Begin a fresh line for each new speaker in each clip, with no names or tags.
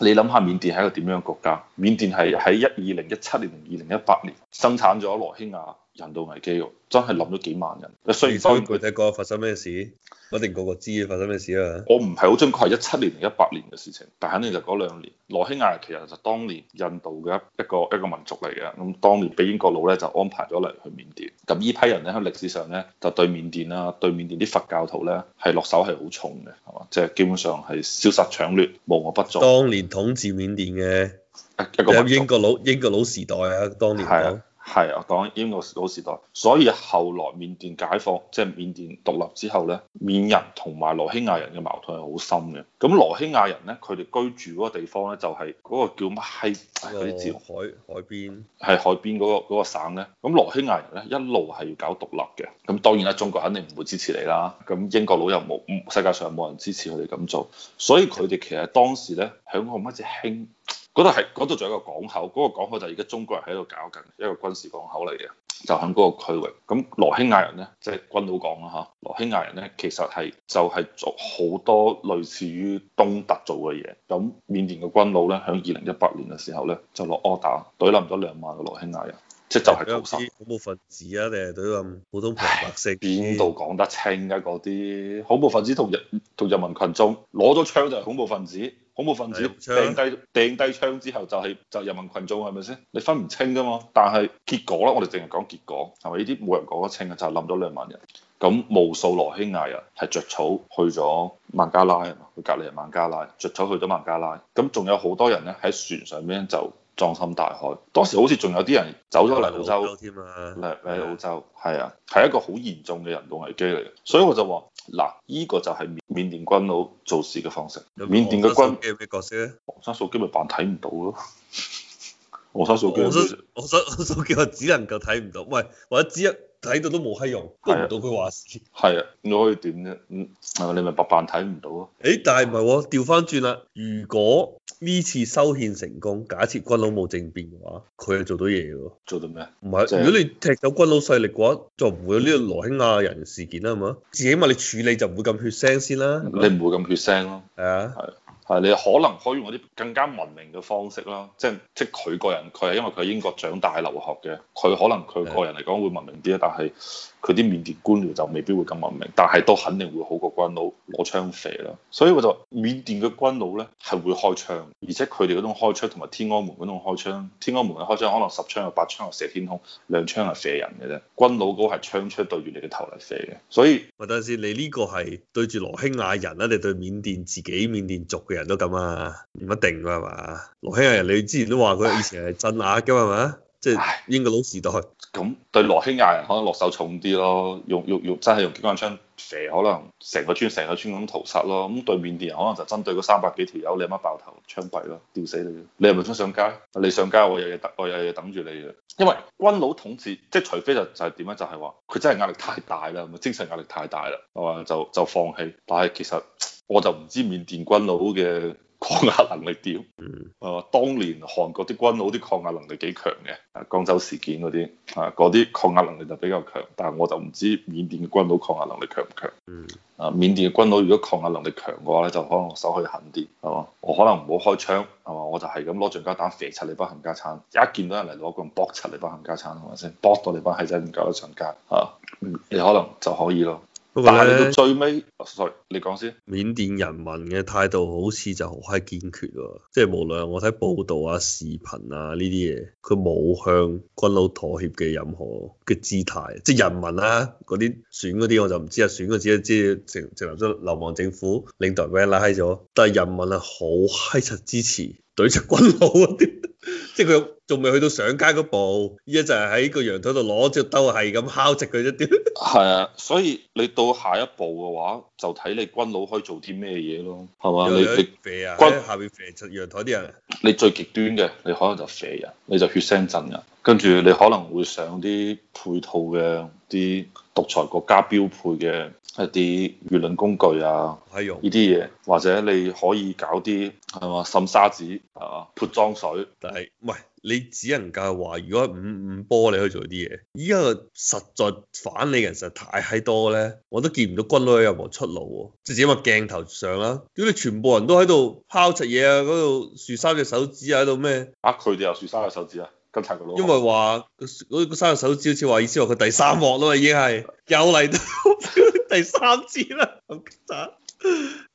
你諗下，緬甸係一個點樣嘅國家？緬甸係喺一二零一七年、到二零一八年生產咗羅興亞人道危機喎，真係冧咗幾萬人。雖然翻佢睇過發生咩事，肯定個個知發生咩事啊。我唔係好準確係一七年定一八年嘅事情，但肯定就嗰兩年。羅興亞其實就當年印度嘅一一個一個民族嚟嘅，咁當年俾英國佬咧就安排咗嚟去緬甸。咁呢批人咧喺歷史上咧就對緬甸啊，對緬甸啲佛教徒咧係落手係好重嘅，係嘛？即、就、係、是、基本上係燒殺搶掠，無惡不作。當年統治緬甸嘅一個英國佬，英國佬時代啊，當年、那個。的係啊，我講緊英國老時代，所以後來緬甸解放，即係緬甸獨立之後咧，緬人同埋羅興亞人嘅矛盾係好深嘅。咁羅興亞人咧，佢哋居住嗰個地方咧就係、是、嗰個叫乜閪嗰啲字，哎、海海邊，係海邊嗰、嗰個嗰個省咧。咁羅興亞人咧一路係要搞獨立嘅，咁當然啦，中國肯定唔會支持你啦。咁英國佬又冇，世界上冇人支持佢哋咁做，所以佢哋其實當時咧響個乜隻興？嗰度係度仲有一個港口，嗰、那個港口就而家中國人喺度搞緊一個軍事港口嚟嘅，就喺嗰個區域。咁羅興亞人咧，即、就、係、是、軍佬講啦嚇。羅興亞人咧其實係就係、是、做好多類似於東突做嘅嘢。咁緬甸嘅軍佬咧，喺二零一八年嘅時候咧，就落 order，懟冧咗兩萬個羅興亞人，即係就係、
是。嗰啲、哎、恐怖分子啊，定係懟冧普通平民？邊度講得清嘅，嗰啲
恐怖分子同人同人民群眾攞咗槍就係恐怖分子？恐怖分子掟低掟低槍之後就係、是、就是、人民群眾係咪先？你分唔清㗎嘛？但係結果啦，我哋淨係講結果係咪？呢啲冇人講得清嘅，就冧咗兩萬人。咁無數羅興亞人係着草去咗孟加拉啊嘛，佢隔籬係孟加拉，着草去咗孟加拉。咁仲有好多人咧喺船上邊就葬身大海。當時好似仲有啲人走咗嚟澳洲添啊，嚟喺澳洲係啊，係的一個好嚴重嘅人道危機嚟嘅。所以我就話。嗱，依、這個就係緬緬，緬甸軍佬做事嘅方式。緬甸嘅軍，有咩角色基本黃扮睇唔到咯～ 我收手機，
我想我收手只能夠睇唔到，喂，或者只一睇到都冇閪用，估唔到佢話事。
係啊，係啊，你可以點啫？嗯，你咪白扮睇唔到
啊？誒、欸，但係唔係我調翻轉啦？如果呢次修憲成功，假設軍佬冇政變嘅話，佢係做到嘢喎。做到咩？唔係，如果你踢走軍佬勢力嘅話，就唔會有呢個羅興亞人事件啦，係嘛？至少嘛，你處理就唔會咁血腥先啦。你
唔會咁血腥咯？係是啊，係。係你可能可以用嗰啲更加文明嘅方式咯，即係即係佢個人，佢係因為佢喺英國長大留學嘅，佢可能佢個人嚟講會文明啲啊，但係。佢啲緬甸官僚就未必會咁文明，但係都肯定會好過軍佬攞槍射啦。所以我就緬甸嘅軍佬咧係會開槍，而且佢哋嗰種開槍同埋天安門嗰種開槍，天安門嘅開槍可能十槍有八槍係射天空，兩槍係射人嘅啫。軍佬嗰個係槍槍對住你嘅頭嚟射嘅，所以。等陣先，你呢個
係對住羅興亞人啊？你對緬甸自己緬甸族嘅人都咁啊？唔一定㗎嘛。羅興亞人你之前都話佢以前係鎮壓㗎嘛？啊即係英國佬時代，咁
對羅興亞人可能落手重啲咯，用用用真係用機關槍射，可能成個村成個村咁屠殺咯。咁對緬甸人可能就針對嗰三百幾條友，你阿媽爆頭槍斃咯，吊死你，你係咪想上街？你上街我，我有嘢等，我有嘢等住你啊！因為軍佬統治，即係除非就就點樣，就係話佢真係壓力太大啦，精神壓力太大啦，係嘛？就就放棄。但係其實我就唔知緬甸軍佬嘅。抗壓能力啲，嗯，啊，當年韓國啲軍佬啲抗壓能力幾強嘅，啊，江州事件嗰啲，啊，嗰啲抗壓能力就比較強，但係我就唔知緬甸嘅軍佬抗壓能力強唔強？嗯，啊，緬甸嘅軍佬如果抗壓能力強嘅話咧，就可能手可以狠啲，係嘛，我可能唔好開槍，係嘛，我就係咁攞橡膠彈射柒你班冚家鏟，一見到人嚟攞 gun，搏柒你班冚家鏟，係咪先？
搏到你班係真膠嘅上街，啊，嗯、你可能就可以咯。但係到最尾，哦、sorry, 你
講先。
緬甸人民嘅態度好似就好閪堅決喎，即、就、係、是、無論我睇報道啊、視頻啊呢啲嘢，佢冇向軍佬妥協嘅任何嘅姿態。即係人民啦、啊，嗰啲選嗰啲我就唔知啊，選嗰時即係成成立咗流亡政府領導人畀人拉閪咗，但係人民係好閪實支持懟出軍佬啲、啊， 即係佢。仲未去到上街嗰步，依家就喺個陽台度攞隻兜係咁敲直佢一啲。係啊，所以你到下一步嘅話，
就睇你軍佬可以做啲咩嘢咯，係嘛？你你啡啊，喺軍佬下邊肥出陽台啲人。你最極端嘅，你可能就肥人，你就血腥鎮人，跟住你可能會上啲配套嘅啲獨裁國家標配嘅。一啲輿論工具啊，可以用呢啲嘢，或者你可以搞啲係嘛，滲沙子
係嘛，潑裝水。但係喂，你只能夠話，如果五五波你可以做啲嘢。依家實在反你嘅人實在太閪多咧，我都見唔到軍哥有任何出路喎。至只咁啊，鏡頭上啦，如果你全部人都喺度拋出嘢啊，嗰度豎三隻手指啊，喺度咩啊？佢哋又豎三隻手指啊，跟曬個咯。因為話嗰三隻手指好似話意思話佢第三幕咯，已經係有嚟到。 第 三次啦，好勁哎呀，啊、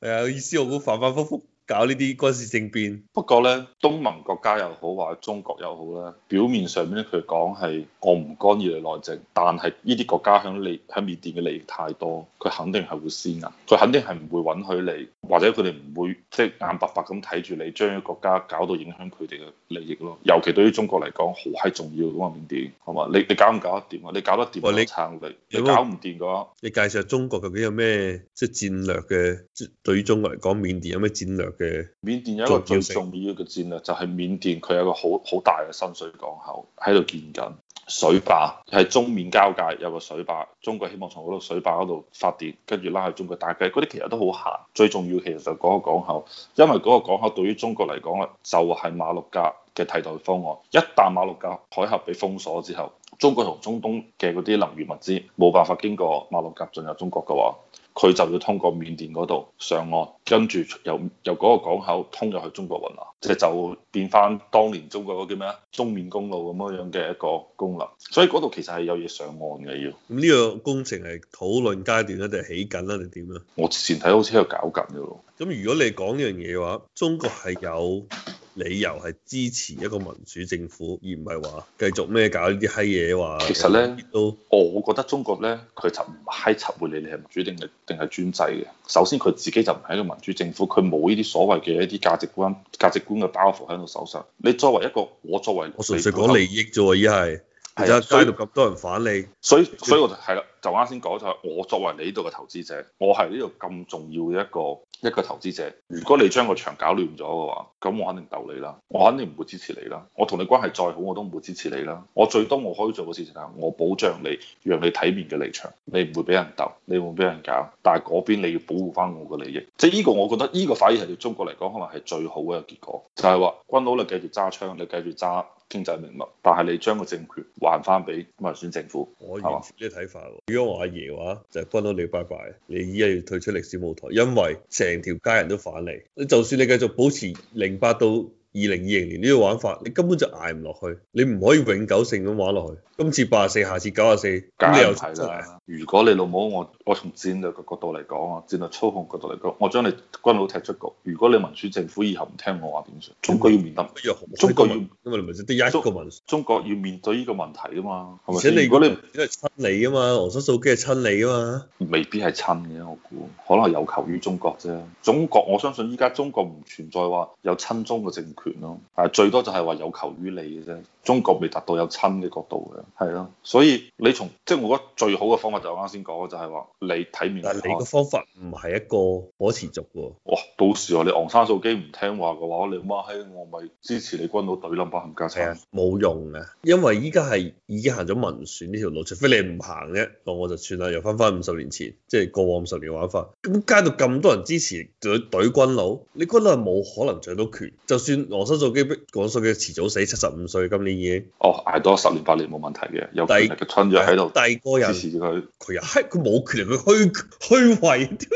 哎呀，意思我咁反反覆覆。搞呢啲軍事政變。
不過呢，東盟國家又好，或者中國又好咧，表面上邊咧佢講係我唔干涉你內政，但係呢啲國家喺利喺緬甸嘅利益太多，佢肯定係會施壓，佢肯定係唔會允許你，或者佢哋唔會即係、就是、眼白白咁睇住你將個國家搞到影響佢哋嘅利益咯。尤其對於中國嚟講，好係重要噶嘛、啊，緬甸係嘛？你你搞唔搞得掂啊？你搞得掂嘅撐你，你，你搞唔掂嘅話。
你介紹下中國究竟有咩即係戰略嘅？對於中國嚟講，緬甸有咩戰略？嘅
緬甸有一個最重要嘅戰略就，就係緬甸佢有個好好大嘅深水港口，喺度建緊水壩，係中緬交界有個水壩，中國希望從嗰度水壩嗰度發電，跟住拉去中國，但係嗰啲其實都好閒，最重要其實就嗰個港口，因為嗰個港口對於中國嚟講啊，就係馬六甲嘅替代方案。一旦馬六甲海峽被封鎖之後，中國同中東嘅嗰啲能源物資冇辦法經過馬六甲進入中國嘅話。佢就要通過緬甸嗰度上岸，跟住由由嗰個港口通入去中國雲南，即係就變翻當年中國嗰個叫咩啊？中緬公路咁樣嘅一個功能。所以
嗰度其實係有嘢上岸嘅要。咁呢個工程係討論階段咧，定係起緊啦。定點咧？
我之前睇好似喺度搞緊嘅喎。
咁如果你講呢樣嘢嘅話，中國係有。理由係支持一個民主政府，而唔係話繼續咩搞呢啲閪嘢，話其實咧都，我覺得中國咧，佢就唔閪插會你，你係民主定係定係專
制嘅。首先佢自己就唔係一個民主政府，佢冇呢啲所謂嘅一啲價值觀、價值觀嘅包袱喺度手上。你作為一個，我作為我純粹講利
益啫喎，而係而家街度咁多人反你，
所以所以我就係啦，就啱先講就係我作為你呢度嘅投資者，我係呢度咁重要嘅一個。一個投資者，如果你將個場搞亂咗嘅話，咁我肯定鬥你啦，我肯定唔會支持你啦，我同你關係再好我都唔會支持你啦，我最多我可以做嘅事情係我保障你，讓你體面嘅離場，你唔會俾人鬥，你唔會俾人搞，但係嗰邊你要保護翻我嘅利益，即係呢個我覺得呢個反而係對中國嚟講可能係最好嘅一個結果，就係話軍佬你繼續揸槍，你繼續揸經濟命脈，但係你將個政權還翻俾
民選政府。我完全呢啲睇法喎。如果我阿爺嘅話，就係、是、分到你拜拜，你依家要退出歷史舞台，因為成條街人都反你。你就算你繼續保持零八到二零二零年呢個玩法，你根本就捱唔落去，你唔可以永久性咁玩落去。今次八十四，下次九十四，咁有睇啦。如果你老母，我我從戰略嘅角度嚟講
啊，戰略操控角度嚟講，我將你軍佬踢出局。如果你民主政府以後唔聽我話點算？中國要面對，中國要，因
為民主得個民，中
國要面對呢個問題啊嘛。係咪？而且你，
如果你因為親你啊嘛，俄羅斯手機係親你啊嘛，
未必係親嘅，我估可能係有求於中國啫。中國我相信依家中國唔存在話有親中嘅政府。權咯，係最多就係話有求於你嘅啫。中國未達到有親嘅角度嘅，係咯。所以你從即係我覺得最好嘅方法就啱先講嘅就係話你睇面。但你嘅方
法唔係一個可持續喎、哦。哇！到時候你昂
山素姬唔聽話嘅話，你媽閪，
我咪支持你軍佬隊冧巴冚家鏟。冇用嘅，因為依家係已經行咗民選呢條路，除非你唔行啫，我我就算啦，又翻返五十年前，即係過往五十年玩法。咁街度咁多人支持隊隊軍佬，你軍佬冇可能掌到權，就算。黃生數機，黃新數機遲早死，七十五歲，今年已經。哦，捱多
十年八年冇問題嘅，有第
二個春藥喺度，第二個人支持佢，佢又係佢冇權去，去虛虛偽。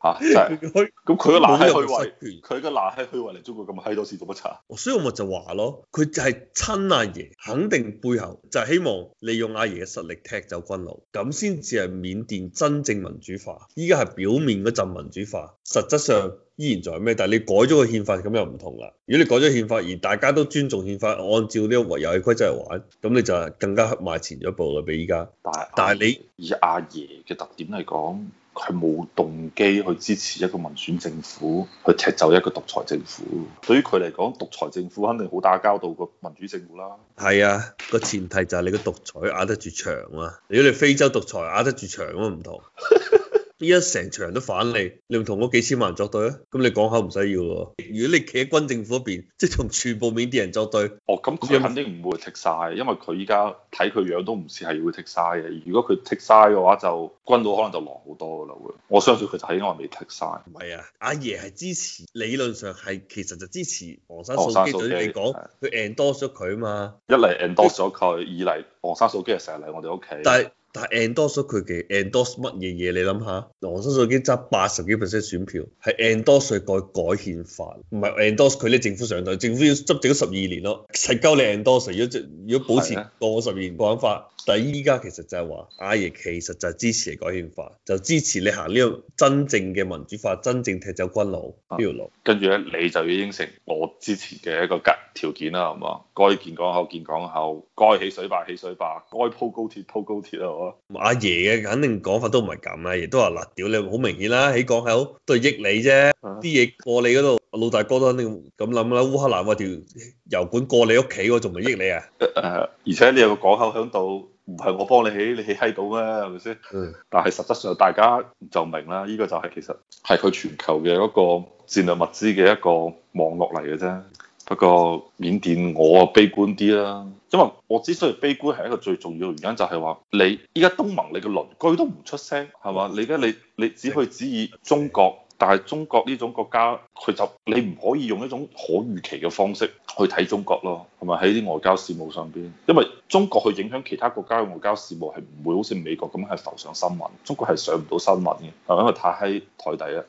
啊！佢咁佢嗱喺去維權，佢嘅嗱喺去維嚟中國咁閪多事做乜柒？所以我咪就話咯，佢就係親阿爺，肯定背後就係希望利用阿爺嘅實力踢走軍佬，咁先至係緬甸真正民主化。依家係表面嗰陣民主化，實質上依然在係咩？但係你改咗個憲法，咁又唔同啦。如果你改咗憲法而大家都尊重憲法，按照呢個遊戲規則嚟玩，咁你就更加邁前咗一步啦。比依家，但係但係你以阿爺嘅特點嚟講。佢冇動
機去支持一個民選政府，去踢走一個獨裁政府。對於佢嚟講，獨裁政府肯定好打交道過民主政府啦。
係啊，個前提就係你個獨裁壓得住場啊！如果你非洲獨裁壓得住場，都唔同。依家成場都反你，你唔同嗰幾千萬人作對啊？咁你講下唔使要喎。如果你企喺軍政府嗰邊，即係同全部緬甸人作對哦，哦咁佢肯定唔會剔晒，因為佢依家睇佢樣都
唔似係會剔晒嘅。如果佢剔晒嘅話就，就軍佬可能就落好多㗎喇喎。我相信佢就喺外面剔晒。唔係啊，
阿爺係支持，理論上係其實就支持昂山素姬。總之嚟講，佢的 endorse 咗佢啊嘛
一。一嚟 endorse 咗佢，二嚟昂山素姬係成日嚟我哋屋企。但
係但係 endorse 佢嘅 endorse 乜嘢嘢？你諗下，羅生所已經執八十幾 percent 選票，係 endorse 改改憲法，唔係 endorse 佢啲政府上台，政府要執政咗十二年咯，使鳩你 endorse，如果如果保持過十二年個玩法。但係依家其實就係話，阿爺其實就係支持改憲法，就支持你行呢樣真正嘅民主化、真正踢走軍佬呢條路。啊、
跟住咧，你就要應承我之前嘅一個格條件啦，係嘛？該建港口建港口，該起水壩起水壩，該鋪高鐵鋪高鐵咯。
阿、啊、爺嘅、啊、肯定講法都唔係咁啦，亦都話辣屌你好明顯啦、啊，起港口都係益你啫，啲嘢、啊、過你嗰度，老大哥都肯定咁諗啦。烏克蘭個條油管過你屋企我仲唔益你啊，啊？
而且你有個港口喺度。唔係我幫你起，你起閪到咩？係咪先？嗯。但係實質上，大家就明啦。呢個就係其實係佢全球嘅一個戰略物資嘅一個網絡嚟嘅啫。不過緬甸我啊悲觀啲啦，因為我之所以悲觀係一個最重要嘅原因就，就係話你依家東盟你嘅鄰居都唔出聲，係嘛？你而家你你只可以指意中國。但係中國呢種國家，佢就你唔可以用一種可預期嘅方式去睇中國咯，係咪？喺啲外交事務上邊，因為中國去影響其他國家嘅外交事務係唔會好似美國咁係浮上新聞，中國係上唔到新聞嘅，係因為太喺台底啦。